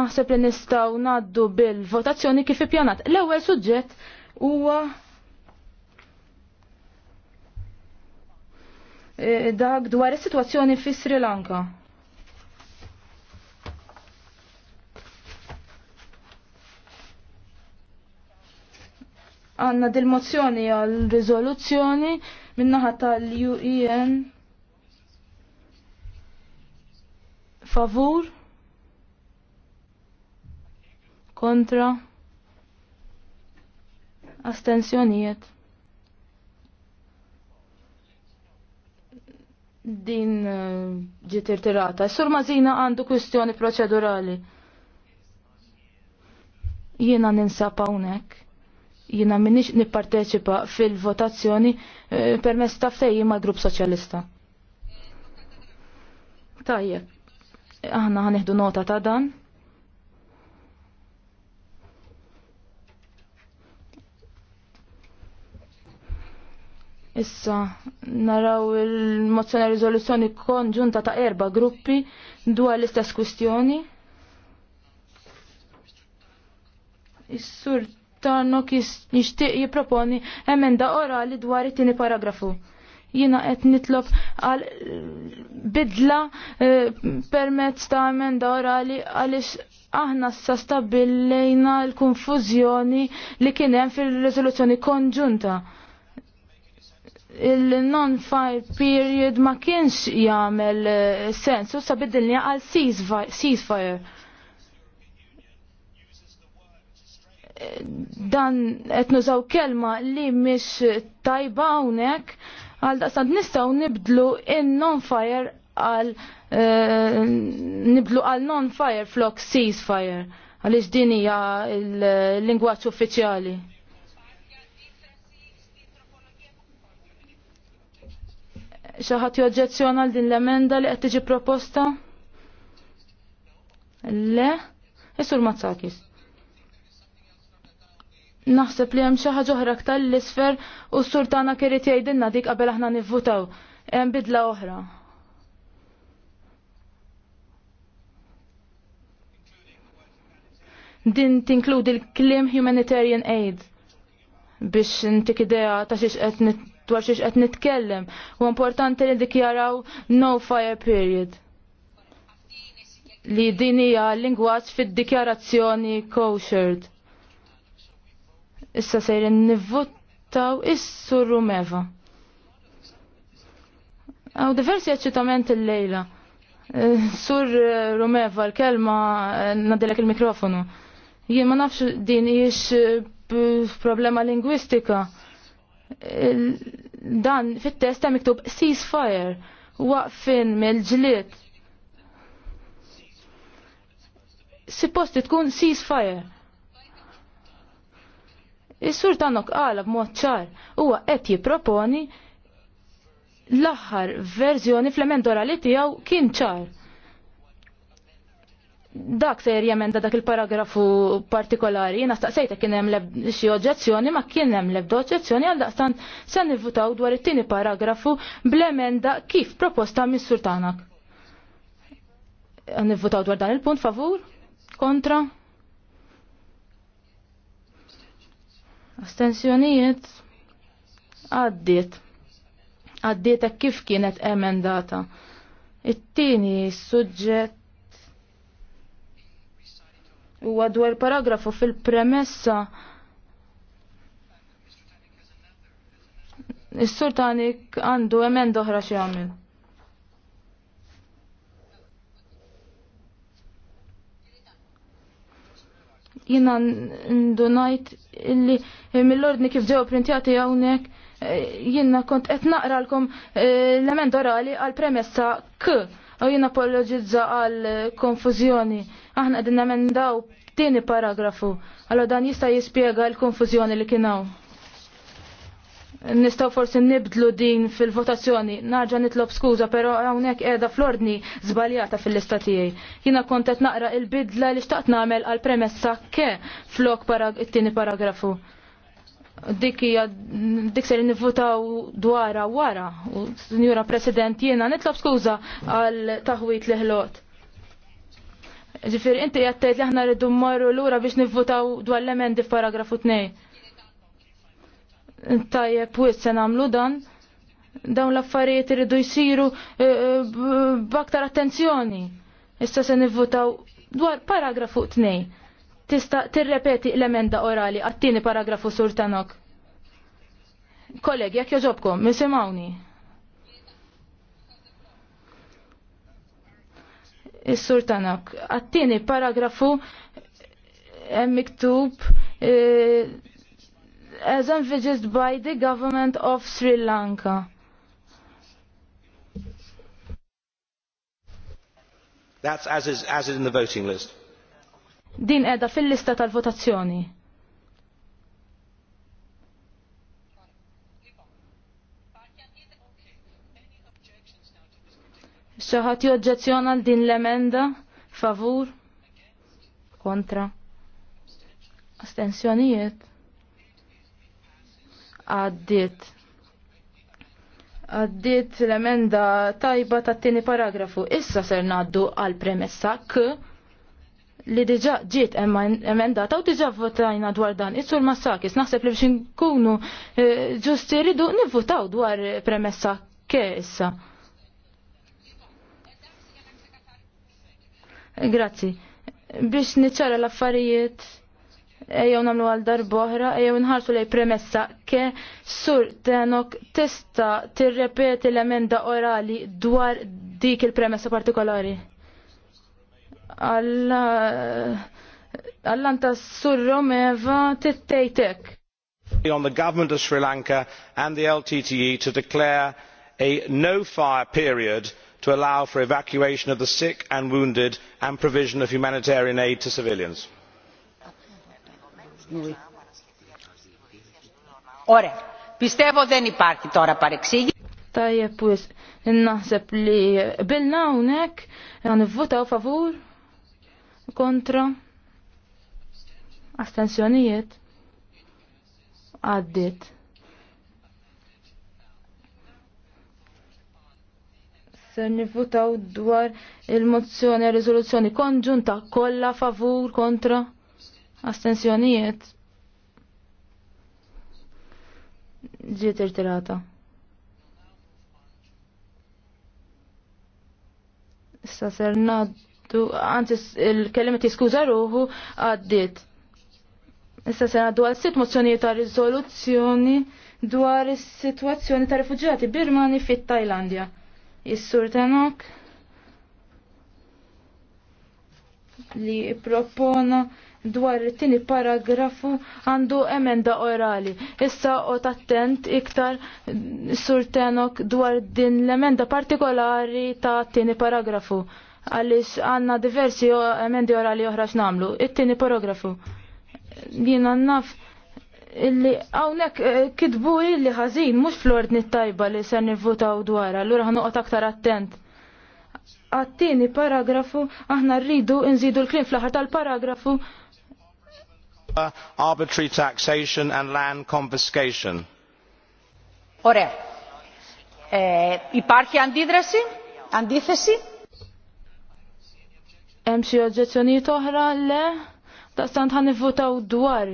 Naħseb li nistgħu ngħaddu bil-votazzjoni kif ippjanat. L-ewwel suġġett huwa eh, dak dwar is-sitwazzjoni fi Sri Lanka. Għanna dil-mozzjoni għal riżoluzzjoni minnaħa tal uen favur kontra astensjonijiet. Din eh, ġiet irtirata. Sur mażina għandu kwistjoni proċedurali. Jiena ninsab hawnhekk. Jiena minix nipparteċipa fil-votazzjoni eh, permezz ta' ftejji mal-Grupp Soċjalista. Tajjeb, aħna ħaneħdu nota ta' dan. Issa, naraw il-mozzjoni rizoluzzjoni konġunta ta' erba gruppi dwar l-istess kwistjoni. Is-sur Tarnok jixtieq jipproponi emenda orali dwar it-tieni paragrafu. Jiena qed nitlob għal eh, bidla eh, permezz ta' emenda orali għaliex aħna sa stabbillejna l-konfużjoni li kien hemm fil riżoluzzjoni konġunta il-non-fire period ma kienx jagħmel eh, sens, u sabidilni għal ceasefire. Dan qed nużaw kelma li mhix tajba hawnhekk għal daqsant nistgħu nibdlu in-non-fire għal eh, nibdlu għal non-fire flok ceasefire għaliex din hija l-lingwaġġ uffiċjali. Xaħat joġġezzjona għal din l-emenda li qed tiġi proposta? Le? Isur Mazzakis. Naħseb li hemm xi ħaġa oħra aktar l-isfer u s-sur tagħna kien jgħidilna dik qabel aħna nivvutaw. Hemm bidla oħra. Din tinkludi l-kliem humanitarian aid biex intik idea ta' xiex qed dwar xiex qed nitkellem u importanti li dikjaraw no fire period. Li din hija lingwaġġ fid-dikjarazzjoni koshered. Issa sejrin nivvuttaw is-sur Rumeva. Għaw diversi eċċitament il-lejla. Eh, Sur eh, Rumeva, l-kelma eh, nadilek il-mikrofonu. Jien ma nafx din hiex problema lingwistika dan fit-test hemm miktub ceasefire waqfin mill-ġlied. Suppost tkun ceasefire. Is-sur tagħnok qala b'mod ċar huwa qed jipproponi l-aħħar verżjoni fl emendora li tiegħu kien ċar dak se jemenda dak il-paragrafu partikolari, jina staqsejta kien hemm xi oġġezzjoni ma kien hemm lebda oġġezzjoni għal daqstant se nivvutaw dwar it-tieni paragrafu bl-emenda kif proposta mis-sur tagħnak. Nivvutaw dwar dan il-punt favur? Kontra? Astensjonijiet? Għaddiet. Għaddiet kif kienet emendata. It-tieni suġġett U dwar paragrafu fil-premessa Is-sur Tanik għandu emenda oħra xi jagħmel. Jina ngħid illi mill-ordni kif ġew printjati hawnhekk eh, jina kont qed naqralkom eh, l-emenda orali għal premessa k u jina apologizza għal konfużjoni. Aħna qegħdin emendaw tieni paragrafu, għallu dan jista' jispjega l-konfużjoni li kien hawn. Nistgħu forsi nibdlu din fil-votazzjoni, narġa' nitlob skuża, però hawnhekk qiegħda flordni żbaljata fil istatijaj tiegħi. Jiena kont qed naqra il-bidla li xtaqt nagħmel għal premessa ke flok parag it-tieni paragrafu dik hija dik ser nivvutaw dwara wara u Sinjura President jiena nitlob skuża għal taħwit li ħlot. Ġifir, inti jattajt li ħna rridu mmorru l-ura biex nivvutaw dwar l-emendi f'paragrafu 2. Tajjeb, wis se għamlu dan, dawn l-affarijiet rridu jisiru eh, eh, b'aktar attenzjoni. Issa se nivvutaw dwar paragrafu 2. Tista' tirrepeti l-emenda orali għattini paragrafu sur tanok. Kolleg, joġobkom, misimawni. Is-sur Tanak. Għattini paragrafu hemm eh, miktub eh, as envisaged by the government of Sri Lanka. That's as is, as is in the voting list. Din edha fil-lista tal-votazzjoni. Xi ħadd għal din l-emenda? Favur? Kontra? Astensjonijiet? Għaddit. Għaddit l-emenda tajba tat-tieni paragrafu. Issa ser ngħaddu għal premessa k li diġa ġiet emendata u diġa votajna dwar dan. Issu l-massakis, naħseb li biex nkunu eh, ġusti ridu nivvotaw dwar premessa ke issa. Grazzi. Biex niċċara l-affarijiet ejjew namlu għal darboħra, ejjew nħarsu lej premessa ke sur tenok testa tirrepeti l-emenda orali dwar dik il-premessa partikolari. Għallanta sur Romeva tittejtek. On the government of Sri Lanka and the LTTE to declare a no-fire period to allow for evacuation of the sick and wounded and provision of humanitarian aid to civilians. Tajjeb wis, naħseb li bilna hawnhekk għan votaw favur kontra astensjonijiet għaddit. ser nivvutaw dwar il-mozzjoni e riżoluzzjoni konġunta kollha favur kontra astensjonijiet. Ġiet irtirata. Issa ser naddu, anzi il kelimi jiskuża ruħu għaddiet. Issa se naddu għal sitt mozzjonijiet ta' riżoluzzjoni dwar is-sitwazzjoni ta' rifuġjati Birmani fit-Tajlandja. Is-sur Tanok li propona dwar it-tieni paragrafu għandu emenda orali. Issa u attent iktar sur Tenok dwar din l-emenda partikolari ta' tieni paragrafu. Għaliex għandna diversi emendi orali oħra namlu. It-tieni paragrafu. Jina naf illi għawnek eh, kidbu illi ħazin, mux fl-ordni tajba li ser nivvotaw dwar, allura ħanuqot aktar attent. Għattini paragrafu, aħna rridu nżidu l-klim fl-ħar tal-paragrafu. Arbitrary taxation and land confiscation. Ore, iparki għandidresi? Għandifesi? Hemm xi oġġezzjonijiet oħra le? stant ħan nifvotaw dwar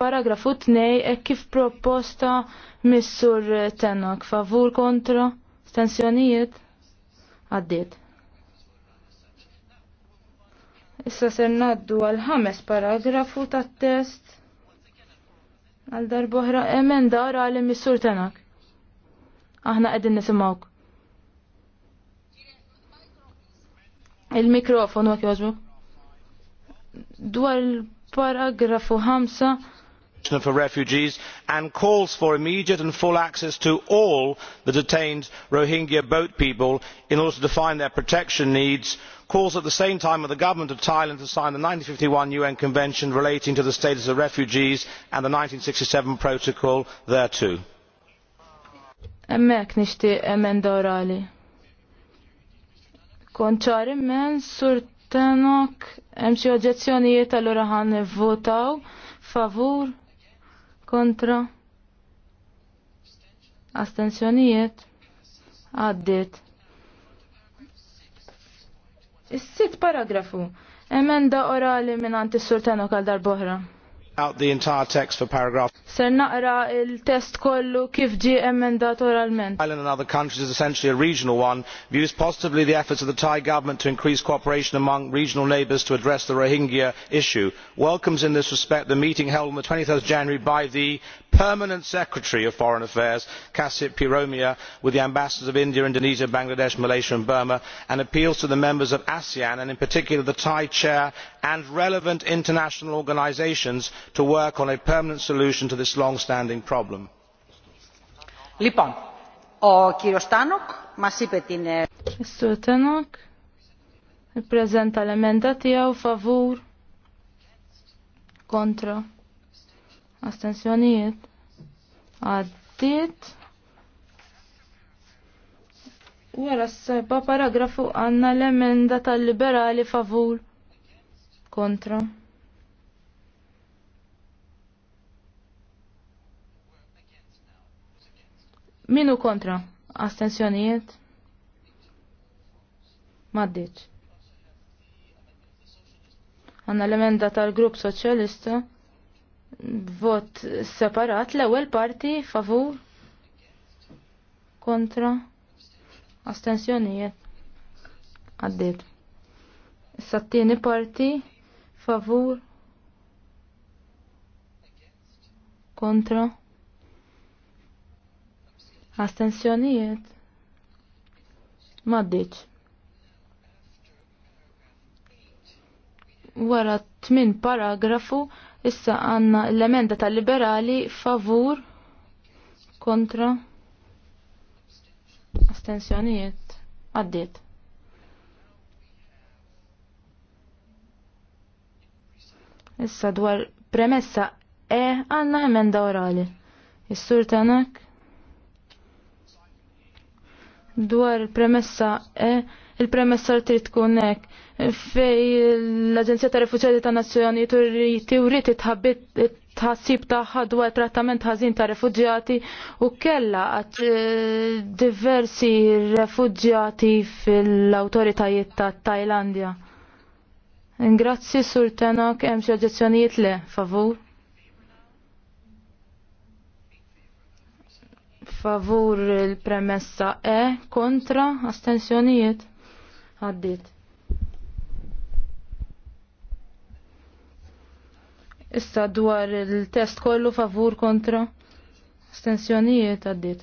paragrafu t-nej e kif proposta missur tenok favur kontra stensjonijiet għaddit. Issa ser naddu għal ħames paragrafu tat test għal darboħra emenda għara għal missur tenak. Aħna għedin nisimawk. Il-mikrofon għak joġbuk dwar paragrafu 5 for refugees and calls for immediate and full access to all the detained rohingya boat people in order to define their protection needs calls at the same time for the government of thailand to sign the one thousand nine hundred and fifty one un convention relating to the status of refugees and the one thousand nine hundred and sixty seven protocol thereto. Tenok, hemm xi oġġezzjonijiet allura ħan votaw favur kontra astensjonijiet għaddiet. Is-sitt paragrafu emenda orali minn anti-sultanu għal darboħra out the entire text for paragraph. Ser il-test kollu kif ġi emendat oralment. Ireland and other countries is essentially a regional one, views positively the efforts of the Thai government to increase cooperation among regional neighbours to address the Rohingya issue. Welcomes in this respect the meeting held on the 23rd January by the Permanent Secretary of Foreign Affairs, Kasip Piromia, with the ambassadors of India, Indonesia, Bangladesh, Malaysia and Burma, and appeals to the members of ASEAN and in particular the Thai chair and relevant international organisations to work on a permanent solution to this long standing problem. l-emenda kontra astensjonijiet wara s paragrafu għanna l-emenda tal-liberali favur kontra Minu kontra? Astensjonijiet? Maddiċ. Għanna l-emenda tal-grupp soċjalista. Vot separat l-ewwel parti favur kontra astensjonijiet għaddit. Sattini tieni parti favur kontra Astensjonijiet? Maddiċ. Wara tmin paragrafu, issa għanna l-emenda tal-liberali favur kontra astensjonijiet għaddiet. Issa dwar premessa E għanna emenda orali. Is-sur tanak? dwar il-premessa E, il-premessa li trid tkun hekk fej l-Aġenzija ta' Refuġjati ta' Nazzjoni tiwrid tħabbit tħassib tagħha dwar trattament ħażin ta' refuġjati u kellha e, diversi refuġjati fil-awtoritajiet ta' Tajlandja. Ingrazzi sur tenok hemm xi oġġezzjonijiet le, favur. favur il-premessa E kontra astensjonijiet għaddit. Issa dwar il-test kollu favur kontra astensjonijiet għaddit.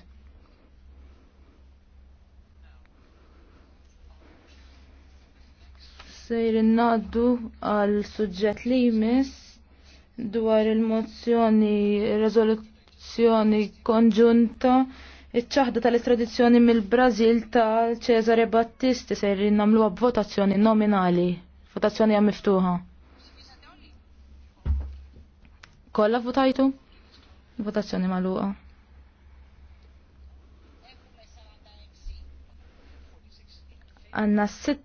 Sejri naddu għal suġġett li jmiss dwar il-mozzjoni il mozzjoni rezolut estradizzjoni konġunta iċ-ċaħda tal-estradizzjoni mill-Brażil ta' Cesare Battisti se jrid nagħmluha votazzjoni nominali, votazzjoni hija miftuħa. Kolla votajtu? Votazzjoni magħluqa. Għanna